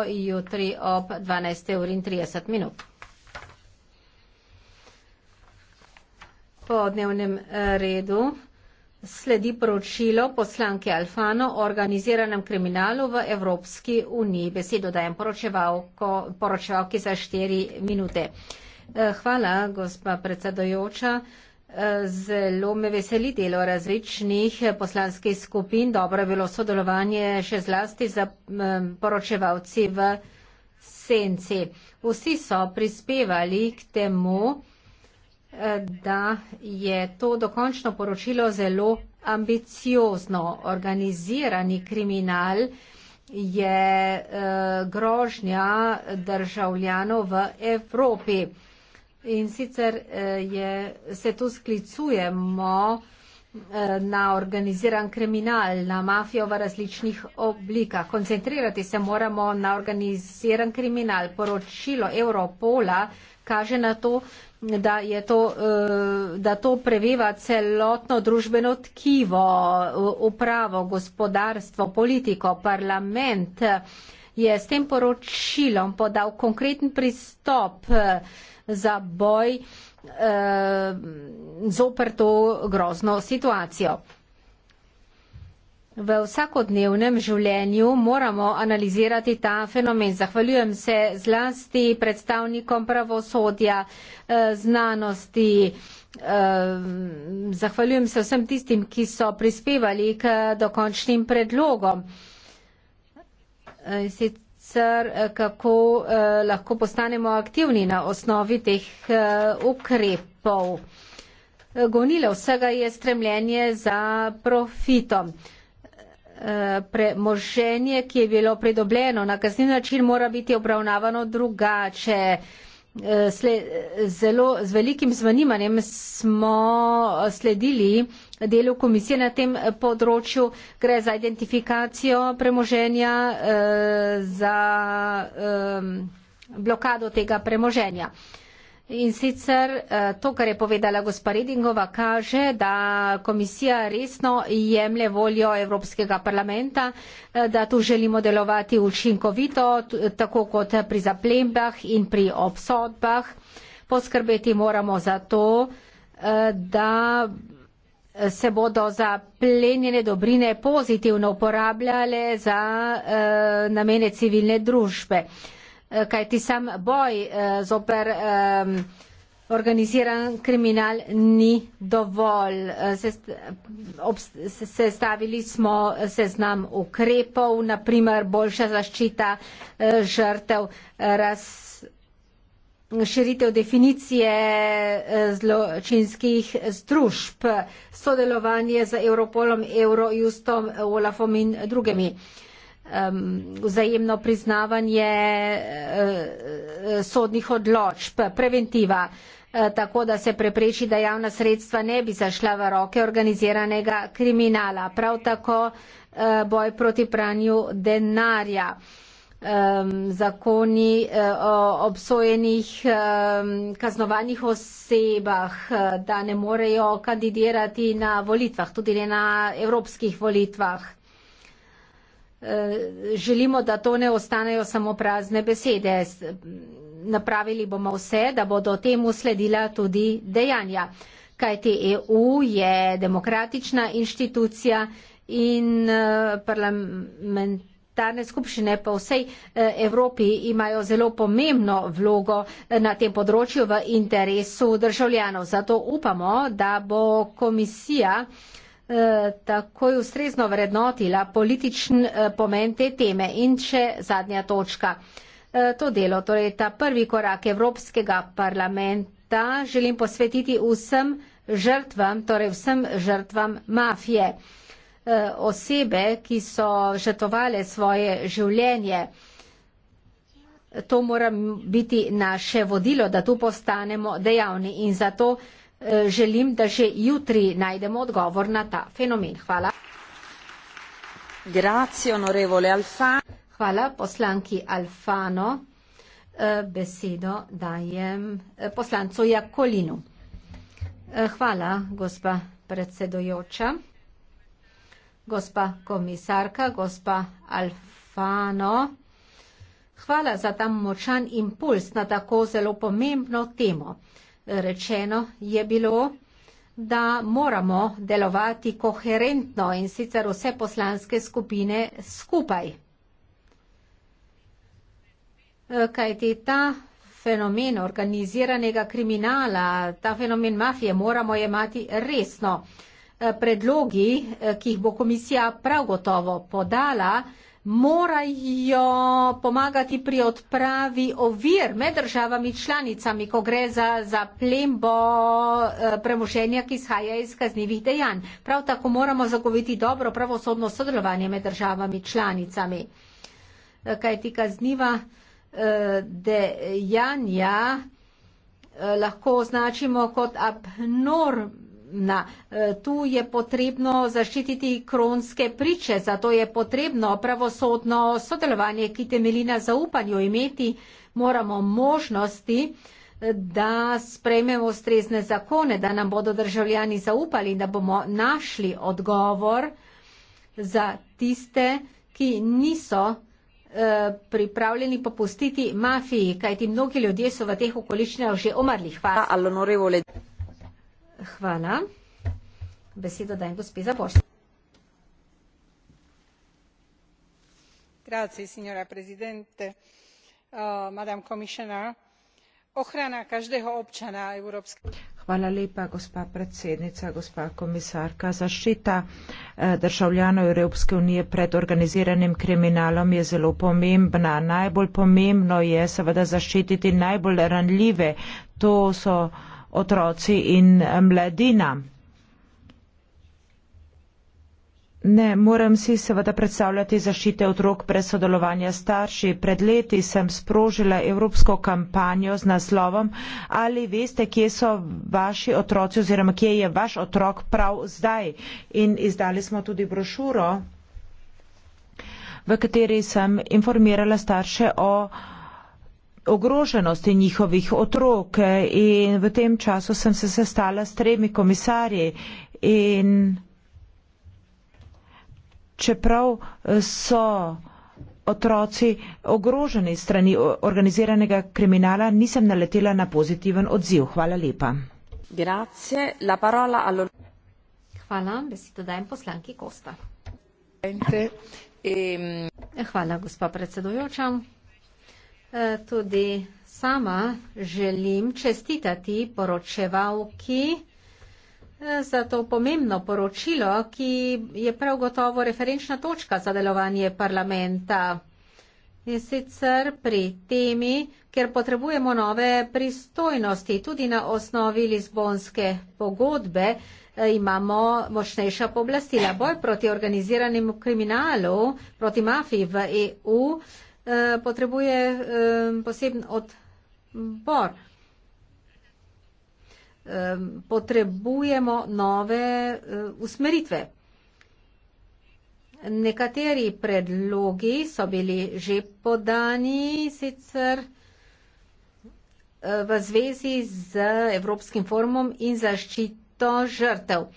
jutri ob 12.30 minut. Po dnevnem eh, redu sledi poročilo poslanke Alfano o organiziranem kriminalu v Evropski uniji. Besedo dajem poročevalki za štiri minute. Eh, hvala, gospa predsedojoča. Zelo me veseli delo različnih poslanskih skupin. Dobro je bilo sodelovanje še zlasti za poročevalci v senci. Vsi so prispevali k temu, eh, da je to dokončno poročilo zelo ambiciozno. Organizirani kriminal je eh, grožnja državljanov v Evropi. In sicer eh, je, se tu sklicujemo eh, na organiziran kriminal, na mafijo v različnih oblikah. Koncentrirati se moramo na organiziran kriminal. Poročilo Europola kaže na to, da, to, eh, da to preveva celotno družbeno tkivo, upravo, gospodarstvo, politiko, parlament je s tem poročilom podal konkreten pristop eh, za boj eh, zoper to grozno situacijo. V vsakodnevnem življenju moramo analizirati ta fenomen. Zahvaljujem se zlasti predstavnikom pravosodja, eh, znanosti, eh, zahvaljujem se vsem tistim, ki so prispevali k dokončnim predlogom in eh, sicer eh, kako eh, lahko postanemo aktivni na osnovi teh ukrepov. Gonile vsega je stremljenje za profitom. Premoženje, ki je bilo pridobljeno na kazni način, mora biti obravnavano drugače zelo z velikim zvanimanjem smo sledili delu komisije na tem področju. Gre za identifikacijo premoženja, eh, za eh, blokado tega premoženja. In sicer eh, to, kar je povedala gospa Redingova, kaže, da komisija resno jemlje voljo Evropskega parlamenta, eh, da tu želimo delovati učinkovito, tako kot pri zaplembah in pri obsodbah. Poskrbeti moramo za to, eh, da se bodo zaplenjene dobrine pozitivno uporabljale za namene civilne družbe. Eh, kaj ti sam boj eh, z oper organiziran kriminal ni dovolj. Eh, se, ob, se stavili smo seznam ukrepov, naprimer boljša zaščita žrtev, razširitev definicije zločinskih združb, sodelovanje z Europolom, Eurojustom, Olafom in drugimi. Uh, um, vzajemno priznavanje uh, uh, sodnih odločb, preventiva, uh, tako da se prepreči, da javna sredstva ne bi zašla v roke organiziranega kriminala. Prav tako uh, boj proti pranju denarja. Um, zakoni uh, o obsojenih um, kaznovanih osebah, uh, da ne morejo kandidirati na volitvah, tudi ne na evropskih volitvah. Eh, želimo, da to ne ostanejo samo prazne besede. Napravili bomo vse, da bodo temu sledila tudi dejanja. Kajti EU je demokratična inštitucija in eh, parlament. Tarne skupščine po vsej eh, Evropi imajo zelo pomembno vlogo na tem področju v interesu državljanov. Zato upamo, da bo komisija eh, Eh, takoj ustrezno vrednotila političen eh, pomen te teme. In še zadnja točka. Eh, to delo, torej ta prvi korak Evropskega parlamenta, želim posvetiti vsem žrtvam, torej vsem žrtvam mafije. Osebe, ki so žrtovale svoje življenje, to mora biti naše vodilo, da tu postanemo dejavni in zato Eh, želim, da že jutri najdemo odgovor na ta fenomen. Hvala. Grazie, Hvala poslanki Alfano. Eh, besedo dajem eh, poslancu Jakolinu. Hvala, gospa predsedojoča, gospa komisarka, gospa Alfano. Hvala za ta močan impuls na tako zelo pomembno temo rečeno je bilo, da moramo delovati koherentno in sicer vse poslanske skupine skupaj. E, kajti ta fenomen organiziranega kriminala, ta fenomen mafije moramo jemati resno. E, predlogi, e, ki jih bo komisija prav gotovo podala, morajo pomagati pri odpravi ovir med državami članicami, ko gre za zaplembo eh, premoženja, ki izhaja iz kaznjivih dejanj. Prav tako moramo zagoviti dobro pravosodno sodelovanje med državami članicami, eh, kajti kazniva eh, dejanja lahko označimo kot abnorm. Na, e, tu je potrebno zaščititi kronske priče, zato je potrebno pravosodno sodelovanje, ki temelji na zaupanju. Imeti moramo možnosti, e, da sprejmemo ustrezne zakone, da nam bodo državljani zaupali, da bomo našli odgovor za tiste, ki niso e, pripravljeni popustiti mafiji, kajti mnogi ljudje so v teh okoliščinah že umrli. Hvala. Hvala. Besedo dajem gospe za pošto. Grazie, signora presidente, uh, madam commissioner. Ochrana každého občana Európskej... Hvala lepa, gospa predsednica, gospa komisarka. Zaščita eh, državljanov Evropske unije pred organiziranim kriminalom je zelo pomembna. Najbolj pomembno je seveda zaščititi najbolj ranljive. To so otroci in eh, mladina. Ne morem si seveda predstavljati zaščite otrok brez sodelovanja starši. Pred leti sem sprožila evropsko kampanjo z naslovom Ali veste, kje so vaši otroci oziroma kje je vaš otrok prav zdaj? In izdali smo tudi brošuro, v kateri sem informirala starše o ogroženosti njihovih otrok eh, in v tem času sem se sestala s tremi komisarji in čeprav eh, so otroci ogroženi strani organiziranega kriminala, nisem naletela na pozitiven odziv. Hvala lepa. Grazie, la parola allo... Hvala, besedo dajem poslanki Kosta. Ehm, Hvala, gospa predsedujoča. E, tudi sama želim čestitati poročevalki e, za to pomembno poročilo, ki je prav gotovo referenčna točka za delovanje parlamenta. In sicer pri temi, ker potrebujemo nove pristojnosti, tudi na osnovi Lizbonske pogodbe e, imamo močnejša poblastila. Boj proti organiziranemu kriminalu, proti mafiji v EU Eh, potrebuje eh, poseben odbor. Eh, potrebujemo nove usmeritve. Nekateri predlogi so bili že podani sicer v zvezi z Evropskim forumom in zaščito žrtev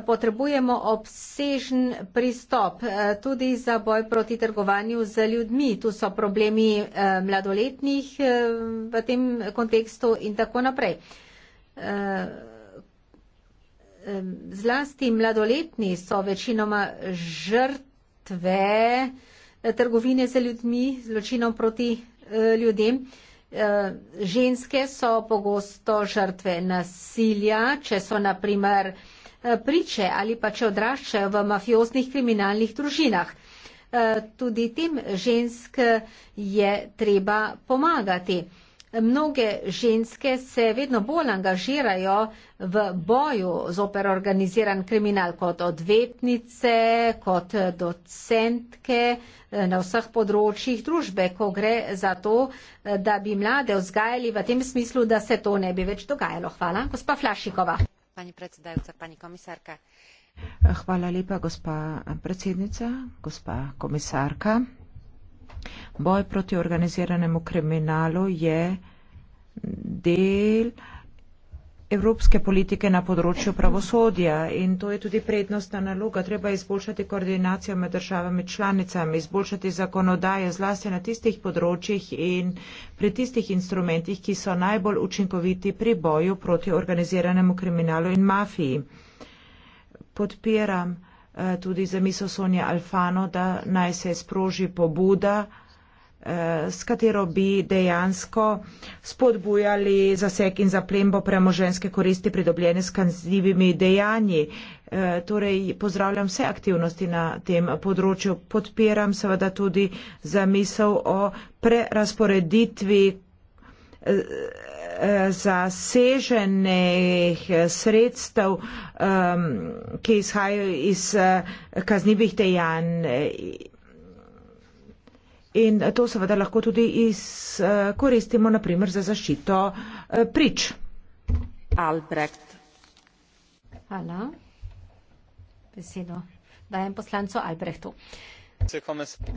potrebujemo obsežen pristop eh, tudi za boj proti trgovanju z ljudmi. Tu so problemi eh, mladoletnih eh, v tem kontekstu in tako naprej. Zlasti mladoletni so večinoma žrtve trgovine z ljudmi, zločinom proti ljudem. Ženske so pogosto žrtve nasilja, če so naprimer priče ali pa če odraščajo v mafioznih kriminalnih družinah. E, tudi tem žensk je treba pomagati. Mnoge ženske se vedno bolj angažirajo v boju zoper organiziran kriminal kot odvetnice, kot docentke e, na vseh področjih družbe, ko gre za to, e, da bi mlade vzgajali v tem smislu, da se to ne bi več dogajalo. Hvala. Gospa Flašikova pani predsedajúca, pani komisárka. Hvala lepa, gospa predsednica, gospa komisárka. Boj proti organiziranemu kriminalu je del evropske politike na področju pravosodja in to je tudi prednostna naloga. Treba izboljšati koordinacijo med državami članicami, izboljšati zakonodaje zlasti na tistih področjih in pri tistih instrumentih, ki so najbolj učinkoviti pri boju proti organiziranemu kriminalu in mafiji. Podpiram eh, tudi za misel Sonja Alfano, da naj se sproži pobuda s katero bi dejansko spodbujali zasek in zaplembo premoženske koristi pridobljene s kanzivimi dejanji. E, torej, pozdravljam vse aktivnosti na tem področju. Podpiram seveda tudi zamisel o prerasporeditvi e, zaseženih sredstev, e, ki izhajajo iz kaznivih dejanj In to seveda lahko tudi iz, koristimo naprimer za zaščito eh, prič. Albrecht. Hvala. Besedo dajem poslancu Albrechtu.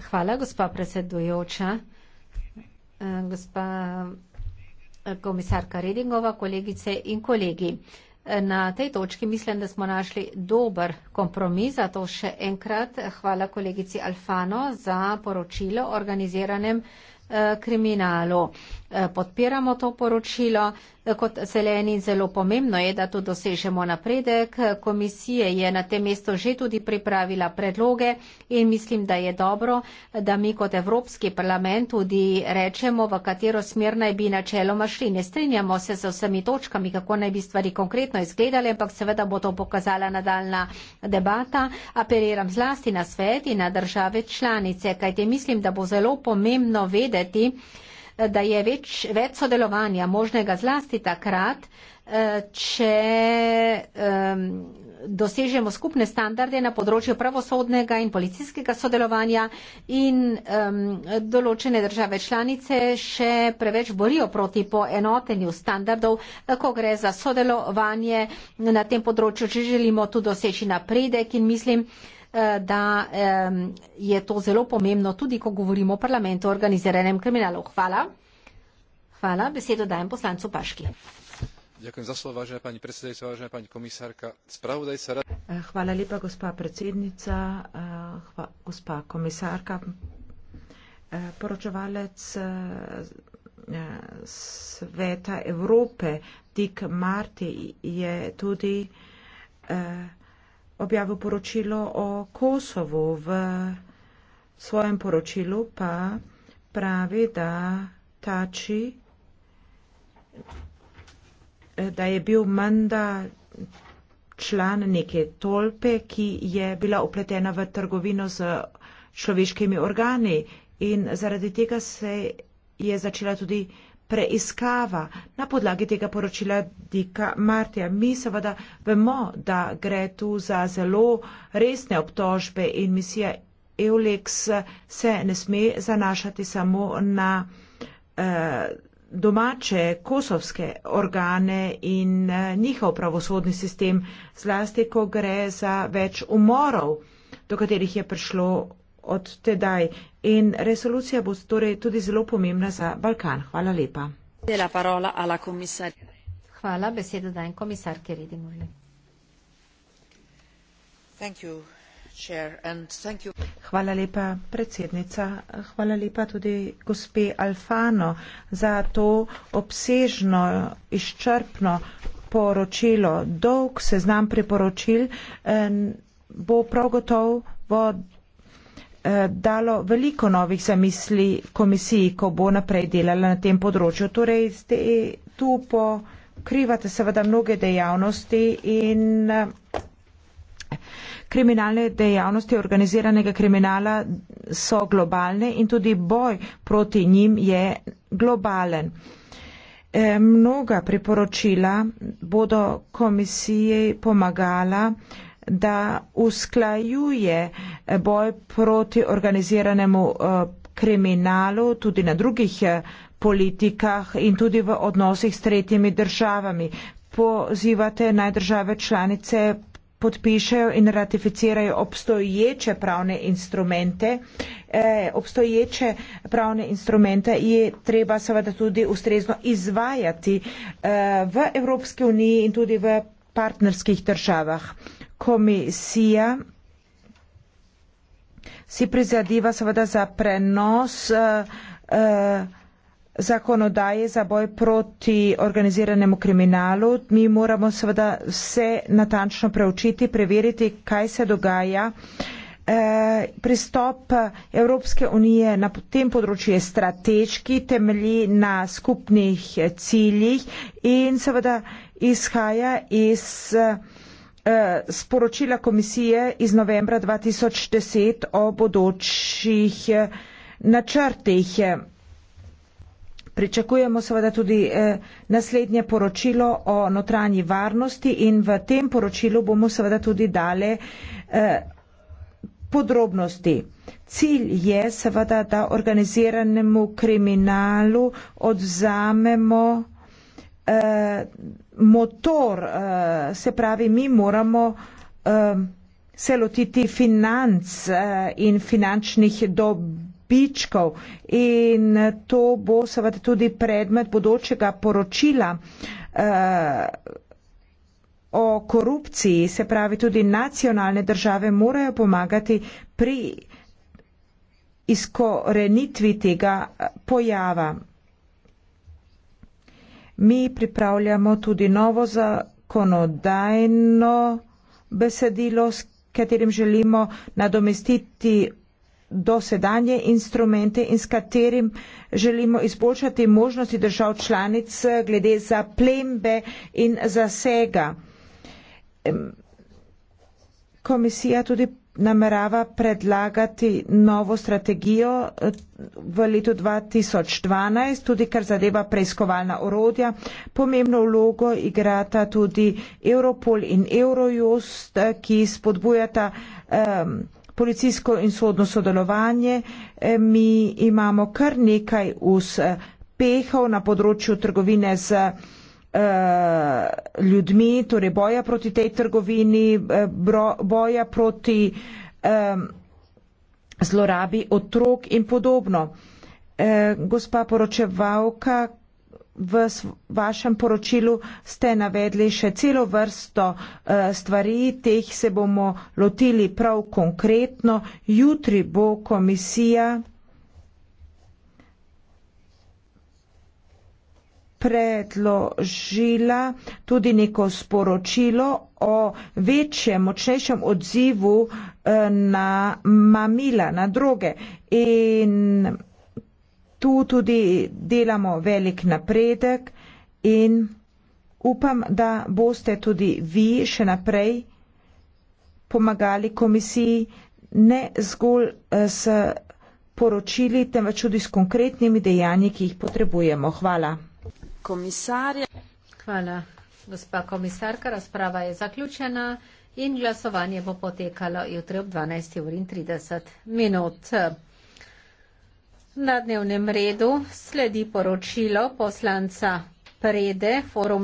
Hvala, gospa predsedujoča. Eh, gospa eh, komisarka Redingova, kolegice in kolegi. Na tej točki mislim, da smo našli dober kompromis, zato še enkrat hvala kolegici Alfano za poročilo o organiziranem eh, kriminalu. Eh, podpiramo to poročilo. Kot zeleni zelo pomembno je, da tu dosežemo napredek. Komisije je na tem mestu že tudi pripravila predloge in mislim, da je dobro, da mi kot Evropski parlament tudi rečemo, v katero smer naj bi načeloma šli. Ne strinjamo se z vsemi točkami, kako naj bi stvari konkretno izgledali, ampak seveda bo to pokazala nadaljna debata. Apeliram zlasti na svet in na države članice, kajte mislim, da bo zelo pomembno vedeti, da je več, več sodelovanja možnega zlasti takrat, eh, če um, dosežemo skupne standarde na področju pravosodnega in policijskega sodelovanja in um, določene države članice še preveč borijo proti poenotenju standardov, eh, ko gre za sodelovanje na tem področju, če želimo tu doseči napredek in mislim, uh, Eh, da je to zelo pomembno, tudi ko govorimo o parlamentu o organiziranem kriminalu. Hvala. Hvala. Besedo dajem poslancu Paški. Ďakujem za slovo, vážená pani predsedajúca, vážená pani komisárka. Spravodajca rad... Eh, hvala lepa, gospa predsednica, eh, hva, gospa komisárka. Poročevalec Sveta Evrope, Dick Marty, je tudi objavil poročilo o Kosovu, v svojem poročilu pa pravi, da tači, da je bil menda član neke tolpe, ki je bila upletena v trgovino z človeškimi organi in zaradi tega se je začela tudi preiskava na podlagi tega poročila Dika Martija. Mi seveda vemo, da gre tu za zelo resne obtožbe in misija Eulex se ne sme zanašati samo na eh, domače kosovske organe in eh, njihov pravosodni sistem, zlasti ko gre za več umorov, do katerih je prišlo od tedaj. In resolucija bo torej tudi zelo pomembna za Balkan. Hvala lepa. Hvala, besedo dajem komisarki Redimovi. Hvala lepa, predsednica. Hvala lepa tudi gospe Alfano za to obsežno, izčrpno poročilo. Dolg seznam priporočil eh, bo prav gotovo Eh, dalo veliko novih zamisli komisiji, ko bo naprej delala na tem področju. Torej, ste tu pokrivate seveda mnoge dejavnosti in eh, kriminalne dejavnosti organiziranega kriminala so globalne in tudi boj proti njim je globalen. Eh, mnoga priporočila bodo komisiji pomagala da usklajuje eh, boj proti organiziranemu eh, kriminalu tudi na drugih eh, politikah in tudi v odnosih s tretjimi državami. Pozivate naj države članice podpišajo in ratificirajo obstoječe pravne instrumente. Obstoječe pravne instrumente je treba seveda tudi ustrezno izvajati v Evropski uniji in tudi v partnerskih državah komisija si prizadeva seveda za prenos eh, eh, zakonodaje za boj proti organiziranemu kriminalu. Mi moramo seveda vse natančno preučiti, preveriti, kaj se dogaja. E, pristop Evropske unije na tem področju je strateški, temelji na skupnih ciljih in seveda izhaja iz e, Eh, sporočila komisije iz novembra 2010 o bodočih eh, načrtih. Pričakujemo seveda tudi eh, naslednje poročilo o notranji varnosti in v tem poročilu bomo seveda tudi dale podrobnosti. Cilj je seveda, da organiziranemu kriminalu odzamemo eh, motor, eh, se pravi, mi moramo eh, se lotiti financ eh, in finančnih dobičkov in to bo seveda tudi predmet bodočega poročila. Eh, o korupciji, se pravi tudi nacionalne države morajo pomagati pri izkorenitvi tega eh, pojava. Mi pripravljamo tudi novo zakonodajno besedilo, s katerim želimo nadomestiti dosedanje instrumente in s katerim želimo izboljšati možnosti držav članic glede za plembe in zasega. Komisija tudi namerava predlagati novo strategijo eh, v letu 2012, tudi kar zadeva preiskovalna orodja. Pomembno vlogo igrata tudi Europol in Eurojust, eh, ki spodbujata um, policijsko in sodno sodelovanje. E, mi imamo kar nekaj uspehov na področju trgovine z. Uh, Eh, ljudmi, torej boja proti tej trgovini, eh, bro, boja proti um, zlorabi otrok in podobno. E, gospa poročevalka, v vašem poročilu ste navedli še celo vrsto e, stvari, teh se bomo lotili prav konkretno. Jutri bo komisija. predložila tudi neko sporočilo o večjem, močnejšem odzivu eh, na mamila, na droge. In tu tudi delamo velik napredek in upam, da boste tudi vi še naprej pomagali komisiji ne zgolj eh, s poročili, temveč tudi s konkretnimi dejanji, ki jih potrebujemo. Hvala komisarja. Hvala, gospa komisarka. Razprava je zaključena in glasovanje bo potekalo jutri ob 12.30 minut. Na dnevnem redu sledi poročilo poslanca Prede, forum.